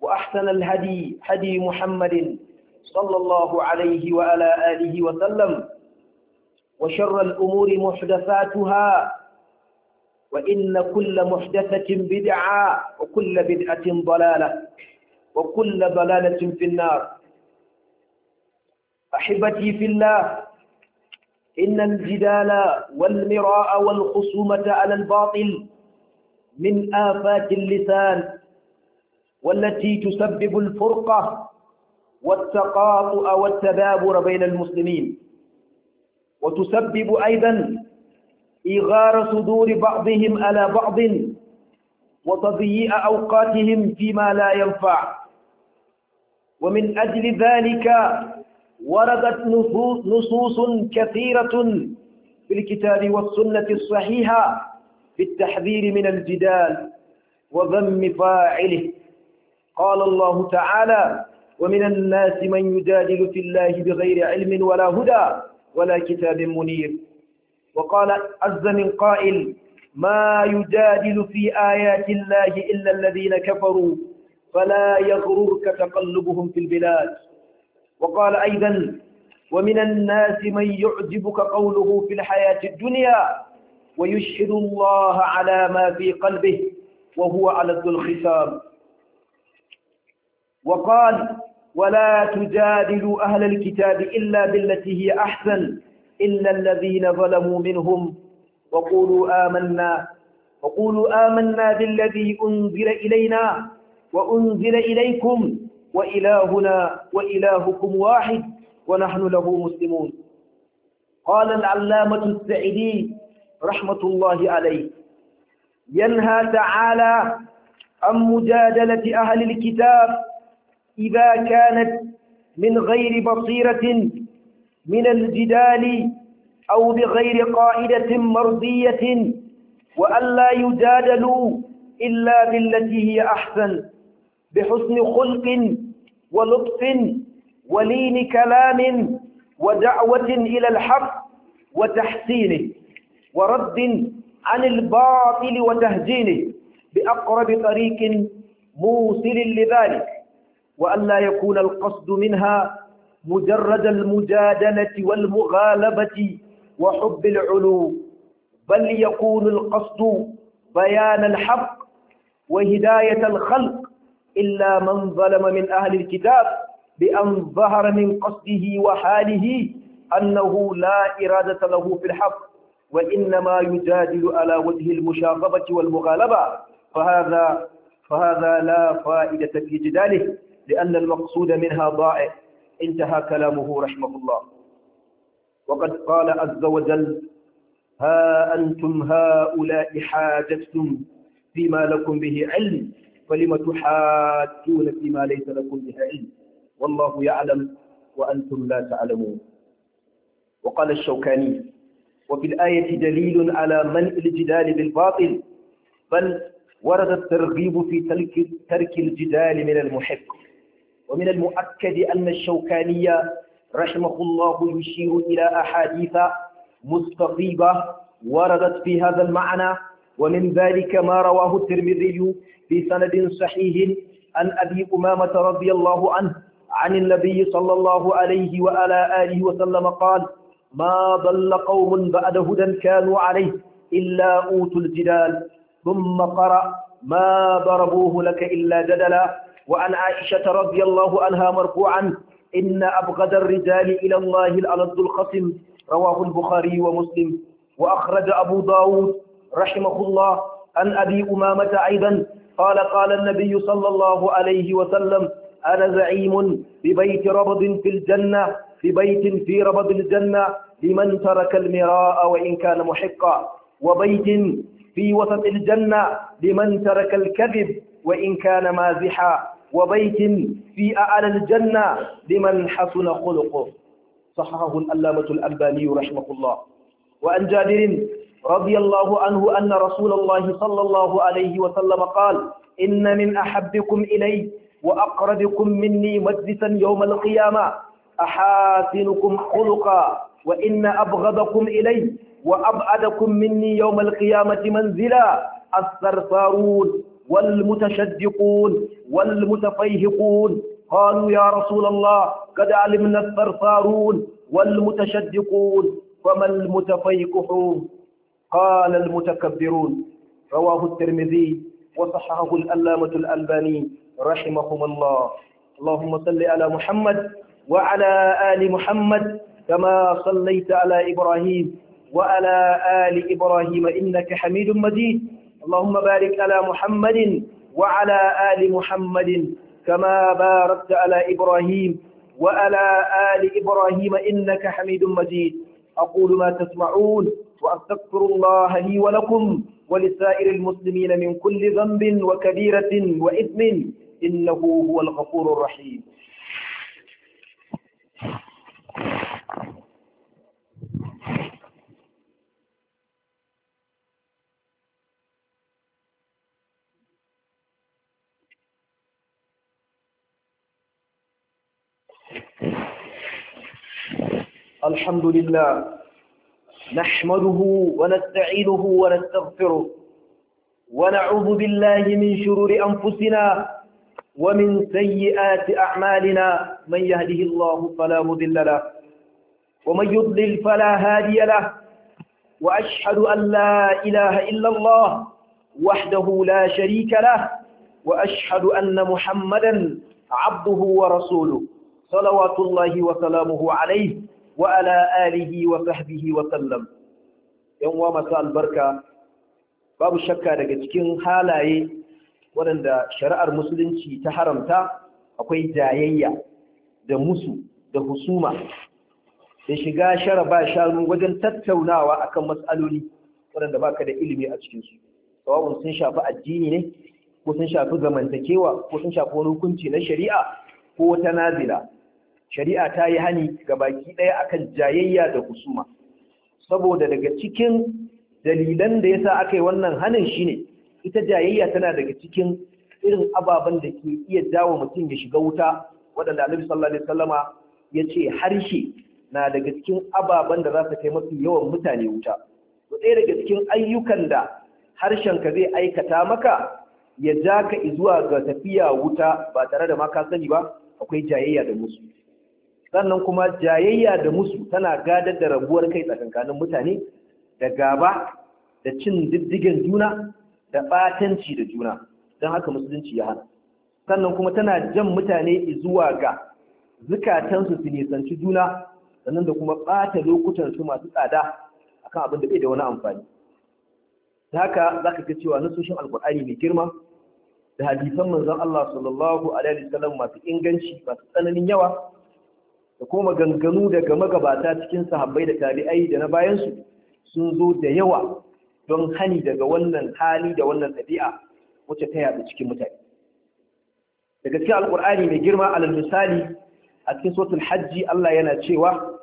وأحسن الهدي هدي محمد صلى الله عليه وعلى آله وسلم وشر الأمور محدثاتها وإن كل محدثة بدعة وكل بدعة ضلالة وكل ضلالة في النار أحبتي في الله إن الجدال والمراء والخصومة على الباطل من آفات اللسان والتي تسبب الفرقة والتقاطؤ والتبابر بين المسلمين وتسبب أيضا إغار صدور بعضهم على بعض وتضييء أوقاتهم فيما لا ينفع ومن أجل ذلك وردت نصوص كثيرة في الكتاب والسنة الصحيحة في التحذير من الجدال وذم فاعله قال الله تعالى ومن الناس من يجادل في الله بغير علم ولا هدى ولا كتاب منير وقال عز من قائل ما يجادل في آيات الله إلا الذين كفروا فلا يغررك تقلبهم في البلاد وقال أيضا ومن الناس من يعجبك قوله في الحياة الدنيا ويشهد الله على ما في قلبه وهو على ذو الخسار وقال ولا تجادلوا أهل الكتاب إلا بالتي هي أحسن إلا الذين ظلموا منهم وقولوا آمنا وقولوا آمنا بالذي أنزل إلينا وأنزل إليكم وإلهنا وإلهكم واحد ونحن له مسلمون قال العلامة السعدي رحمة الله عليه ينهى تعالى عن مجادلة أهل الكتاب إذا كانت من غير بصيرة من الجدال أو بغير قاعدة مرضية وألا يجادلوا إلا بالتي هي أحسن بحسن خلق ولطف ولين كلام ودعوة إلى الحق وتحسينه ورد عن الباطل وتهجينه بأقرب طريق موصل لذلك وألا يكون القصد منها مجرد المجادلة والمغالبة وحب العلو بل يكون القصد بيان الحق وهداية الخلق إلا من ظلم من أهل الكتاب بأن ظهر من قصده وحاله أنه لا إرادة له في الحق وإنما يجادل على وجه المشاغبة والمغالبة فهذا فهذا لا فائدة في جداله لأن المقصود منها ضائع انتهى كلامه رحمه الله وقد قال عز وجل ها أنتم هؤلاء حاجتم فيما لكم به علم فلم تحاجون فيما ليس لكم به علم والله يعلم وأنتم لا تعلمون وقال الشوكاني وفي الآية دليل على منع الجدال بالباطل بل ورد الترغيب في ترك الجدال من المحق ومن المؤكد أن الشوكانية رحمه الله يشير إلى أحاديث مستقيبة وردت في هذا المعنى ومن ذلك ما رواه الترمذي في سند صحيح عن أبي أمامة رضي الله عنه عن النبي صلى الله عليه وعلى آله وسلم قال ما ضل قوم بعد هدى كانوا عليه إلا أوتوا الجدال ثم قرأ ما ضربوه لك إلا جدلا وعن عائشة رضي الله عنها مرفوعا إن أبغض الرجال إلى الله الألد الخصم رواه البخاري ومسلم وأخرج أبو داود رحمه الله عن أبي أمامة أيضا قال قال النبي صلى الله عليه وسلم أنا زعيم ببيت ربض في الجنة ببيت في ربض الجنة لمن ترك المراء وإن كان محقا وبيت في وسط الجنة لمن ترك الكذب وإن كان مازحا وبيت في أعلى الجنة لمن حسن خلقه صححه الألامة الألباني رحمه الله وعن جابر رضي الله عنه أن رسول الله صلى الله عليه وسلم قال إن من أحبكم إلي وأقربكم مني مجلسا يوم القيامة أحاسنكم خلقا وإن أبغضكم إلي وأبعدكم مني يوم القيامة منزلا الثرثارون والمتشدقون والمتفيهقون قالوا يا رسول الله قد علمنا الثرثارون والمتشدقون فما المتفيقحون قال المتكبرون رواه الترمذي وصححه الألامة الألباني رحمهم الله اللهم صل على محمد وعلى آل محمد كما صليت على إبراهيم وعلى آل إبراهيم إنك حميد مجيد اللهم بارك على محمد وعلى آل محمد كما باركت على إبراهيم وعلى آل إبراهيم إنك حميد مجيد أقول ما تسمعون وأستغفر الله لي ولكم ولسائر المسلمين من كل ذنب وكبيرة وإثم إنه هو الغفور الرحيم الحمد لله نحمده ونستعينه ونستغفره ونعوذ بالله من شرور أنفسنا ومن سيئات أعمالنا من يهده الله فلا مضل له ومن يضلل فلا هادي له وأشهد أن لا إله إلا الله وحده لا شريك له وأشهد أن محمدا عبده ورسوله صلوات الله وسلامه عليه Alihi wa sahbihi wa Sallam, 'yan wa masu albarka, babu shakka daga cikin halaye waɗanda shari'ar musulunci ta haramta akwai jayayya da musu da husuma da shiga shara ba shanu wajen tattaunawa akan matsaloli waɗanda baka da ilimi a cikinsu sawa'un sun shafi addini ne ko sun shafi zamantakewa ko sun shafi wani hukunci na shari'a ko ta nazila shari'a ta yi hani ga baki ɗaya akan jayayya da husuma saboda daga cikin dalilan da yasa aka yi wannan hanin ne, ita jayayya tana daga cikin irin ababen da ke iya dawo mutum ya shiga wuta waɗanda annabi sallallahu alaihi sallama ya ce harshe na daga cikin ababen da za su kai mafi yawan mutane wuta to ɗaya daga cikin ayyukan da harshenka zai aikata maka ya ja ka zuwa ga tafiya wuta ba tare da ma ka sani ba akwai jayayya da musu sannan kuma jayayya da musu tana gadar da rabuwar kai tsakankanin mutane da gaba da cin diddigen juna da batanci da juna don haka musulunci ya hana sannan kuma tana jan mutane zuwa ga zukatansu su nisanci juna sannan da kuma ɓata su masu tsada kan abin da bai da wani amfani ta haka za ka ga cewa nasoshin alkur'ani mai girma da hadisan manzon Allah sallallahu alaihi wasallam masu inganci masu tsananin yawa da kuma ganganu daga magabata cikin sahabbai da tabi'ai da na bayansu sun zo da yawa don hani daga wannan hali da wannan ɗabi'a wacce ta yaɗu cikin mutane daga cikin alƙur'ani mai girma alal misali a cikin sautul hajji Allah yana cewa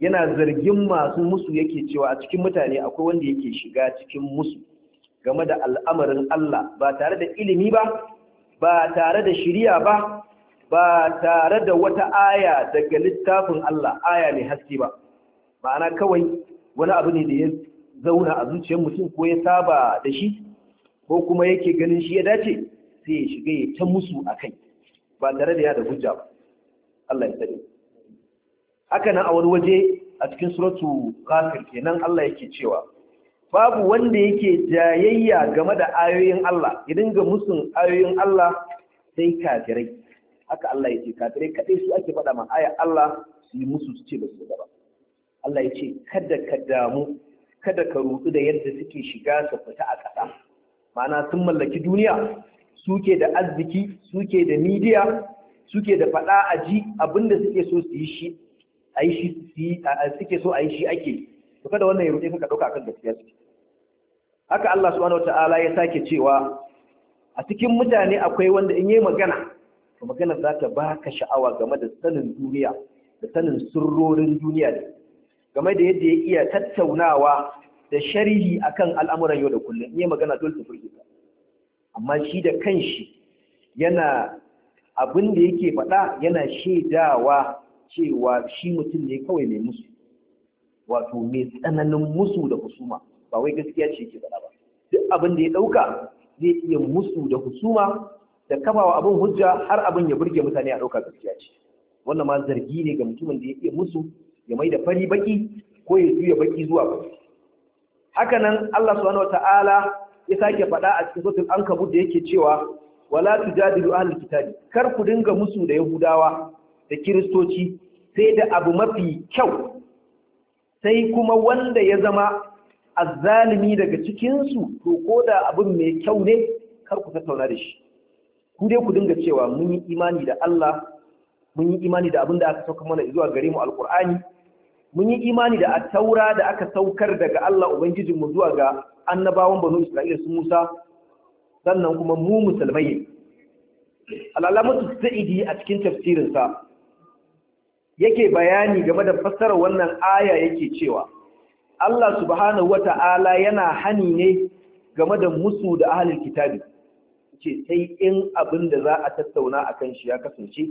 yana zargin masu musu yake cewa a cikin mutane akwai wanda yake shiga cikin musu game da al'amarin Allah ba tare da ilimi ba ba tare da shiriya ba ba tare da wata aya daga littafin Allah aya mai haske ba ma'ana kawai wani abu ne da ya zauna a zuciyar mutum ko ya saba da shi ko kuma yake ganin shi ya dace sai ya shiga ya ta musu a kai ba tare da ya da hujja ba Allah ya sani haka nan a wani waje a cikin suratu kafir kenan Allah yake cewa babu wanda yake jayayya game da ayoyin Allah ya dinga musun ayoyin Allah sai kafirai haka Allah ya ce kafirai kaɗai su ake faɗa ma aya Allah su yi musu su ce ba su ba Allah ya ce kada ka damu kada ka rutu da yadda suke shiga su fita a ƙasa ma'ana sun mallaki duniya suke da arziki suke da midiya suke da faɗa a ji abinda suke so su yi shi a yi shi suke so a yi shi ake to kada wannan ya rute ka ɗauka akan gaskiya suke haka Allah subhanahu wataala ya sake cewa a cikin mutane akwai wanda in yi magana to maganar za ta ka sha'awa game da sanin duniya da sanin sirrorin duniya ne game da yadda ya iya tattaunawa da sharhi akan al'amuran yau da kullum iya magana dole ta ta amma shi da kanshi yana abin da yake faɗa yana shaidawa cewa shi mutum ne kawai mai musu wato mai tsananin musu da husuma ba wai gaskiya ce yake faɗa ba duk abin da ya ɗauka zai iya musu da husuma da kafawa abin hujja har abin ya burge mutane a ɗauka gaskiya ce wannan ma zargi ne ga mutumin da ya iya musu ya mai da fari baki ko ya juya baki zuwa baki haka nan Allah subhanahu wata'ala ya sake faɗa a cikin suratul ankabut da yake cewa wala tujadilu ahlul kitabi kar ku dinga musu da yahudawa da kiristoci sai da abu mafi kyau sai kuma wanda ya zama azzalimi daga cikinsu to ko da abin mai kyau ne kar ku tattauna da shi ku dai ku dinga cewa mun yi imani da Allah mun yi imani da abin aka sauka mana zuwa gare mu alkur'ani mun yi imani da taura da aka saukar daga Allah mu zuwa ga annabawan banu Isra'ila su Musa sannan kuma mu musulmai al'alamatu sa'idi a cikin tafsirin sa yake bayani game da fassarar wannan aya yake cewa Allah subhanahu wata'ala yana hani ne game da musu da ahlul kitabi ce sai in abin da za a tattauna akan shi ya kasance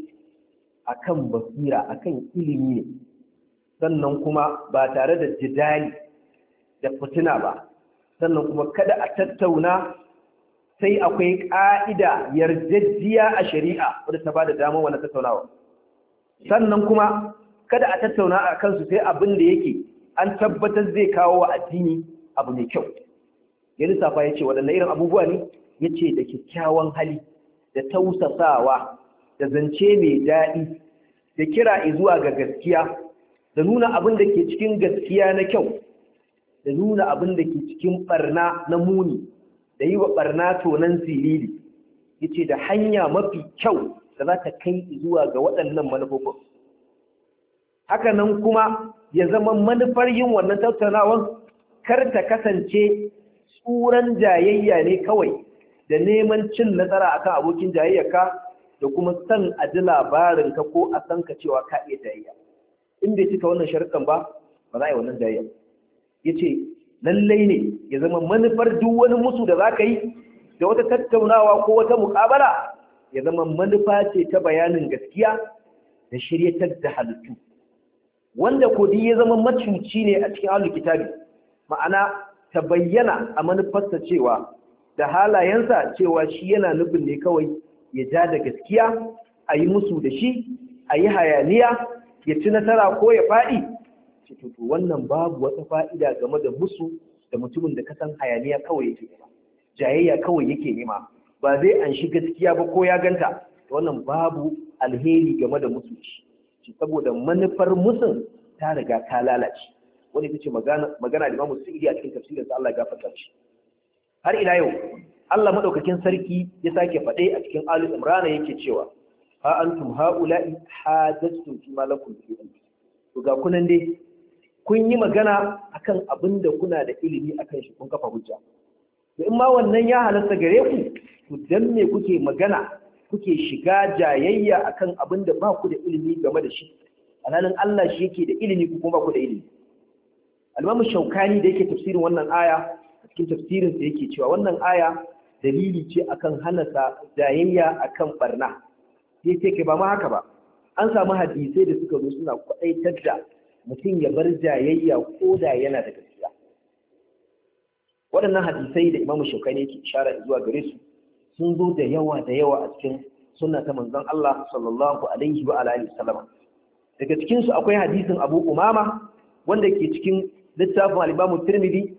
a kan basira A kan ilimi ne sannan kuma ba tare da jidali da fitina ba sannan kuma kada a tattauna sai akwai ƙa'ida yarjejjiya a shari'a wadda ta ba da damar wani tattaunawa sannan kuma kada a tattauna a kansu sai abin da yake an tabbatar zai kawo wa addini abu mai kyau ya lissafa ya ce waɗanne irin abubuwa ne yace da kyakkyawan hali da tausasawa da zance mai daɗi da kira zuwa ga gaskiya da nuna abin da ke cikin gaskiya na kyau da nuna abin da ke cikin barna na muni da yi wa barna tonan siriri ya ce da hanya mafi kyau da za ta kai zuwa ga waɗannan manufofin haka nan kuma ya zama manufar yin wannan tattaunawan kar ta kasance tsuran jayayya ne kawai da neman cin nasara akan abokin jayayyarka da kuma san a ji labarinka ko a san ka cewa ka iya jayayya in bai cika wannan sharuɗan ba ba za a yi wannan jayayya ya ce lallai ne ya zama manufar duk wani musu da za ka yi da wata tattaunawa ko wata muƙabala ya zama manufa ce ta bayanin gaskiya da shiryatar da halittu wanda kodi ya zama macuci ne a cikin ahlul kitabi ma'ana ta bayyana a manufarsa cewa da halayensa cewa shi yana nufin ne kawai ya ja da gaskiya a yi musu da shi a yi hayaniya ya ci nasara ko ya faɗi to wannan babu wata fa'ida game da musu da mutumin da kasan hayaniya kawai yake nema jayayya kawai yake nema ba zai an shi gaskiya ba ko ya ganta wannan babu alheri game da musu shi saboda manufar musun ta riga ta lalace wani ita ce magana da mamu su a cikin tafsirin sa Allah ya gafarta shi har ila yau Allah madaukakin sarki ya sake faɗe a cikin Ali Imran yake cewa ha antum haula'i hadathtum fi malakum fi to ga kunan dai kun yi magana akan abin da kuna da ilimi akan shi kun kafa hujja to in ma wannan ya halatta gare ku ku dan me kuke magana kuke shiga jayayya akan abin da ba ku da ilimi game da shi alhalin Allah shi yake da ilimi ku kuma ba ku da ilimi al-Imam Shawkani da yake tafsirin wannan aya cikin tafsirinsa yake cewa wannan aya dalili ce akan halasa jayayya akan barna sai ce ke ba ma haka ba an samu hadisai da suka zo suna kwaɗaitar da mutum ya bar jayayya ko da yana da gaskiya waɗannan hadisai da Imam shaukai yake ke ishara zuwa gare su sun zo da yawa da yawa a cikin sunna ta manzon Allah sallallahu alaihi wa alihi daga cikin su akwai hadisin Abu Umama wanda ke cikin littafin Alibamu imam Tirmidhi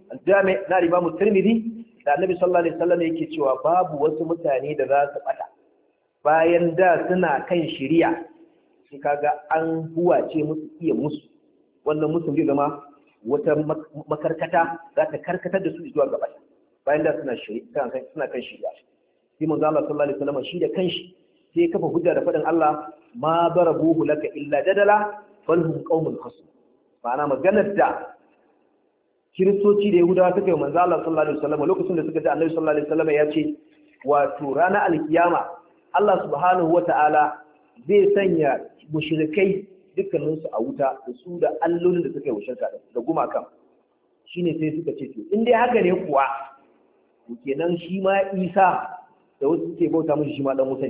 na Alibamu imam da Annabi sallallahu alaihi wasallam yake cewa babu wasu mutane da za su bata bayan da suna kan shari'a sai kaga an huwace musu iya musu wannan musu zai zama wata makarkata za ta karkatar da su zuwa gaba bayan da suna shari'a suna kan shari'a sai manzo Allah sallallahu alaihi wasallam shi da kanshi sai kafa hujja da faɗin Allah ma darabuhu laka illa dadala falhum qaumul khasm ma'ana maganar da kiristoci da yahudawa suka yi manzo Allah sallallahu alaihi wasallam lokacin da suka ji Annabi sallallahu alaihi wasallam ya ce wato ranar alkiyama Allah subhanahu wataala zai sanya mushrikai dukkanin su a wuta da su da allolin da suka yi shirka da gumakan shine sai suka ce to in dai haka ne kuwa kenan shi ma Isa da wasu suke bauta mushi shi ma dan wuta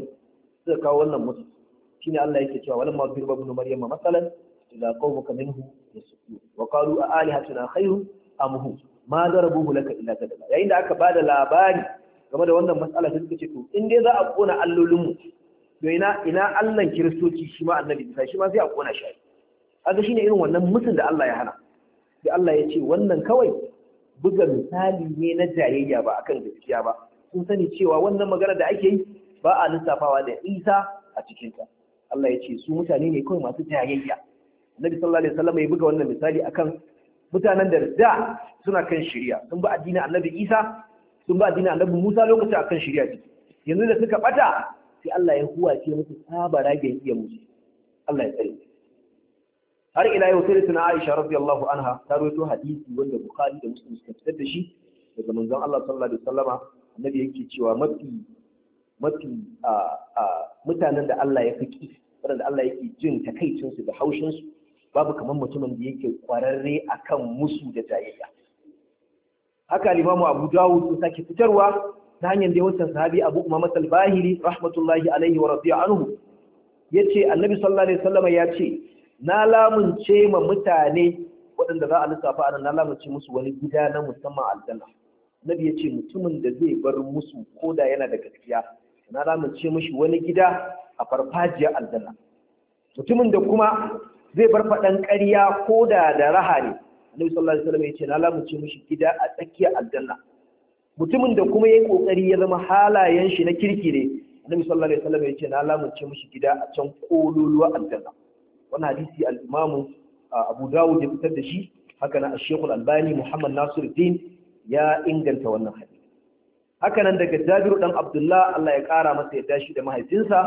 suka kawo wannan musu shine Allah yake cewa walamma bi ibn maryama masalan ila qaumika minhu yasqu wa qalu a alihatuna khairun amhu ma darabuhu laka illa kadala yayin da aka bada labari game da wannan matsala sai suka ce to in dai za a kona allolin mu to ina ina allan kiristoci shi ma annabi sai shi ma sai a kona shi kaga shine irin wannan mutun da Allah ya hana sai Allah ya ce wannan kawai buga misali ne na jayayya ba akan gaskiya ba sun sani cewa wannan magana da ake yi ba a lissafawa da isa a cikinta Allah ya ce su mutane ne kawai masu jayayya Annabi sallallahu alaihi wasallam ya buga wannan misali akan mutanen da da suna kan shirya sun bi addinin annabi isa sun bi addinin annabi musa lokacin akan shirya ce. yanzu da suka bata sai Allah ya ce musu saba rage iya musu Allah ya tsare har ila yau sai suna Aisha radiyallahu anha ta rawaito hadisi wanda Bukhari da Muslim suka fitar da shi daga manzon Allah sallallahu alaihi wasallama annabi yake cewa mafi mafi mutanen da Allah ya fiki waɗanda Allah yake jin takaicinsu da haushinsu babu kamar mutumin da yake kwararre a kan musu da jayayya haka limamu abu dawud ya sake fitarwa ta hanyar da yawancin sahabi abu al talbahiri rahmatullahi alaihi wa rafiya anhu ya ce annabi sallallahu alaihi ya ce na lamunce ma mutane waɗanda za a lissafa a nan na lamunce musu wani gida na musamman aljanna nabi ya ce mutumin da zai bar musu ko da yana da gaskiya na lamunce mishi wani gida a farfajiyar aljanna mutumin da kuma zai bar faɗan ƙarya ko da da raha ne annabi sallallahu alaihi wasallam ya ce na lamuce mishi gida a tsakiyar aljanna mutumin da kuma yayi kokari ya zama halayen shi na kirki ne annabi sallallahu alaihi wasallam ya ce na lamuce mishi gida a can kololuwa aljanna wannan hadisi al-imam Abu Dawud ya fitar da shi haka nan Sheikh Al-Albani Muhammad Nasiruddin ya inganta wannan hadisi haka nan daga Jabiru dan Abdullah Allah ya kara masa ya tashi da mahaifinsa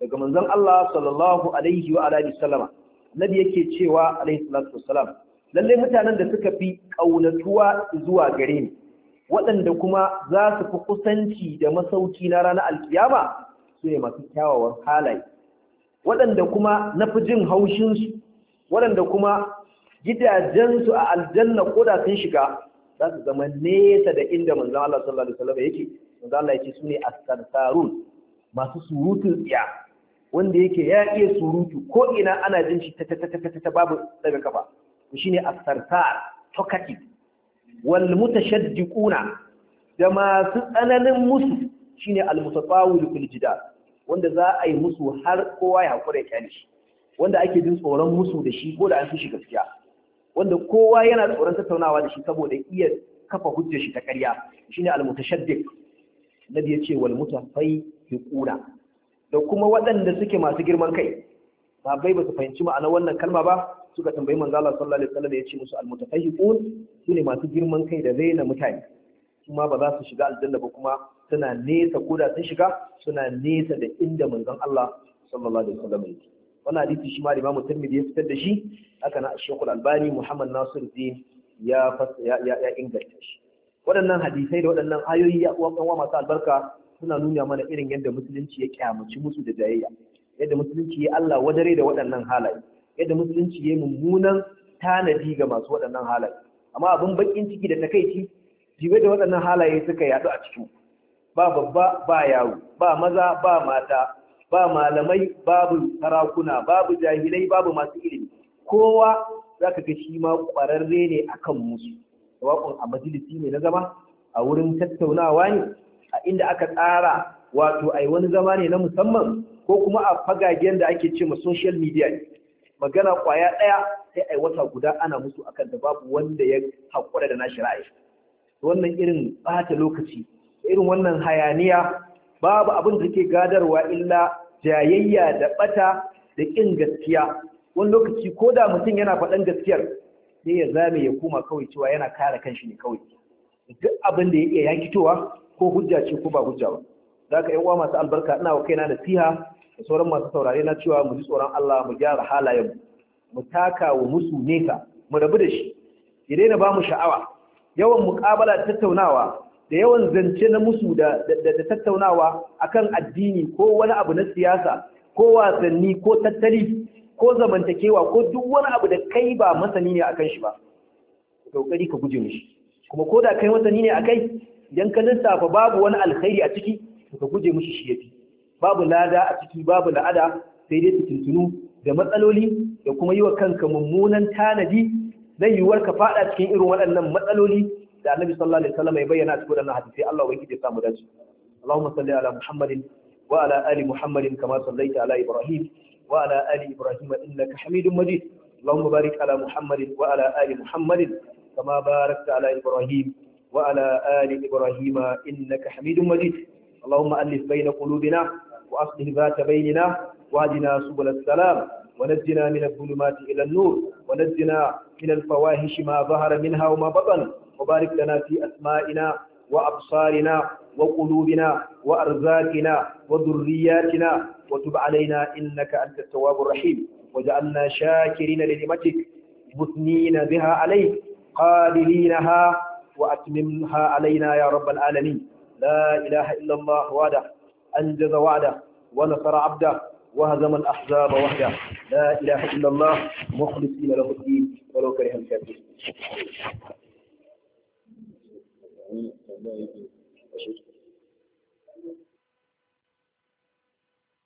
daga manzon Allah sallallahu alaihi wa alihi wasallama nabi yake cewa alaihi salatu wassalam lalle mutanen da suka fi kaunatuwa zuwa gare ni waɗanda kuma za su fi kusanci da masauki na ranar alkiyama su ne masu kyawawan halaye waɗanda kuma na fi jin haushinsu waɗanda kuma gidajensu a aljanna ko da sun shiga za su zama nesa da inda manzo Allah sallallahu Alaihi wasallam yake manzo Allah yake su ne as-sarsarun masu surutun tsiya wanda yake ya iya surutu ko ina ana jin shi ta ta ta ta babu daga kafa shine as-sarsar talkative wal mutashaddiquna da masu tsananin musu shine al-mutatawil fil jidal wanda za a yi musu har kowa ya hakura ya kyale shi wanda ake jin tsoron musu da shi ko da an shi gaskiya wanda kowa yana tsoron tattaunawa da shi saboda iya kafa hujjar shi ta ƙarya shine al-mutashaddiq nabi yace wal mutafayyiquna da kuma waɗanda suke masu girman kai bai ba su fahimci ma'ana wannan kalma ba suka tambayi manzo Allah sallallahu alaihi wasallam ya ce musu almutafahiqun sune masu girman kai da zaina mutane kuma ba za su shiga aljanna ba kuma suna nesa ko da sun shiga suna nesa da inda manzon Allah sallallahu alaihi wasallam yake wannan hadisi shi ma Imam Tirmidhi ya fitar da shi haka na Sheikhul Albani Muhammad Nasiruddin ya ya ya inganta shi waɗannan hadisai da waɗannan ayoyi ya uwa masu albarka suna nuna mana irin yadda musulunci ya kyamaci musu da jayayya yadda musulunci ya Allah wadare da waɗannan halaye yadda musulunci ya mummunan tanadi ga masu waɗannan halaye amma abin bakin ciki da takaici jibe da waɗannan halaye suka yaɗu a cikin ba babba ba yaro ba maza ba mata ba malamai babu sarakuna babu jahilai babu masu ilimi kowa zaka ga shi ma ƙwararre ne akan musu waƙon a majalisi ne na zama a wurin tattaunawa ne a inda aka tsara wato ai wani zama ne na musamman ko kuma a fagagen da ake ce ma social media ne magana kwaya ɗaya sai ai wata guda ana musu akan da babu wanda ya haƙura da nashi ra'ayi wannan irin bata lokaci irin wannan hayaniya babu abin da ke gadarwa illa jayayya da ɓata da ƙin gaskiya wani lokaci ko da mutum yana faɗan gaskiyar sai ya zame ya koma kawai cewa yana kare kanshi ne kawai duk abin da ya iya yankitowa? ko hujja ce ko ba hujja ba Za ka yan uwa masu albarka ina wa kaina nasiha da sauran masu saurare na cewa mu ji tsoron Allah mu gyara halayen mu taka wa musu neka mu rabu da shi ya daina ba mu sha'awa yawan muƙabala tattaunawa da yawan zance na musu da tattaunawa akan addini ko wani abu na siyasa ko wasanni ko tattali ko zamantakewa ko duk wani abu da kai ba masani ne akan shi ba ka guje mishi kuma ko da kai masani ne akai idan ka lissafa babu wani alkhairi a ciki to ka guje mishi shi yafi babu lada a ciki babu la'ada sai dai su tuntunu da matsaloli da kuma yi wa kanka mummunan tanadi zai yiwuwar ka fada cikin irin waɗannan matsaloli da annabi sallallahu alaihi wasallam ya bayyana cikin wannan hadisi Allah ubangiji ya samu dace Allahumma salli ala Muhammadin wa ala ali Muhammadin kama sallaita ala Ibrahim wa ala ali Ibrahim innaka Hamidum Majid اللهم بارك على محمد وعلى آل محمد كما باركت على إبراهيم وعلى آل إبراهيم إنك حميد مجيد اللهم ألف بين قلوبنا وأصلح ذات بيننا واهدنا سبل السلام ونجنا من الظلمات إلى النور ونجنا من الفواحش ما ظهر منها وما بطن وبارك لنا في أسمائنا وأبصارنا وقلوبنا وأرزاقنا وذرياتنا وتب علينا إنك أنت التواب الرحيم وجعلنا شاكرين لنعمتك مثنين بها عليك قادرينها وأتممها علينا يا رب العالمين لا إله إلا الله وعده أنجز وعده ونصر عبده وهزم الأحزاب وحده لا إله إلا الله مخلصين له الدين ولو كره الكافرين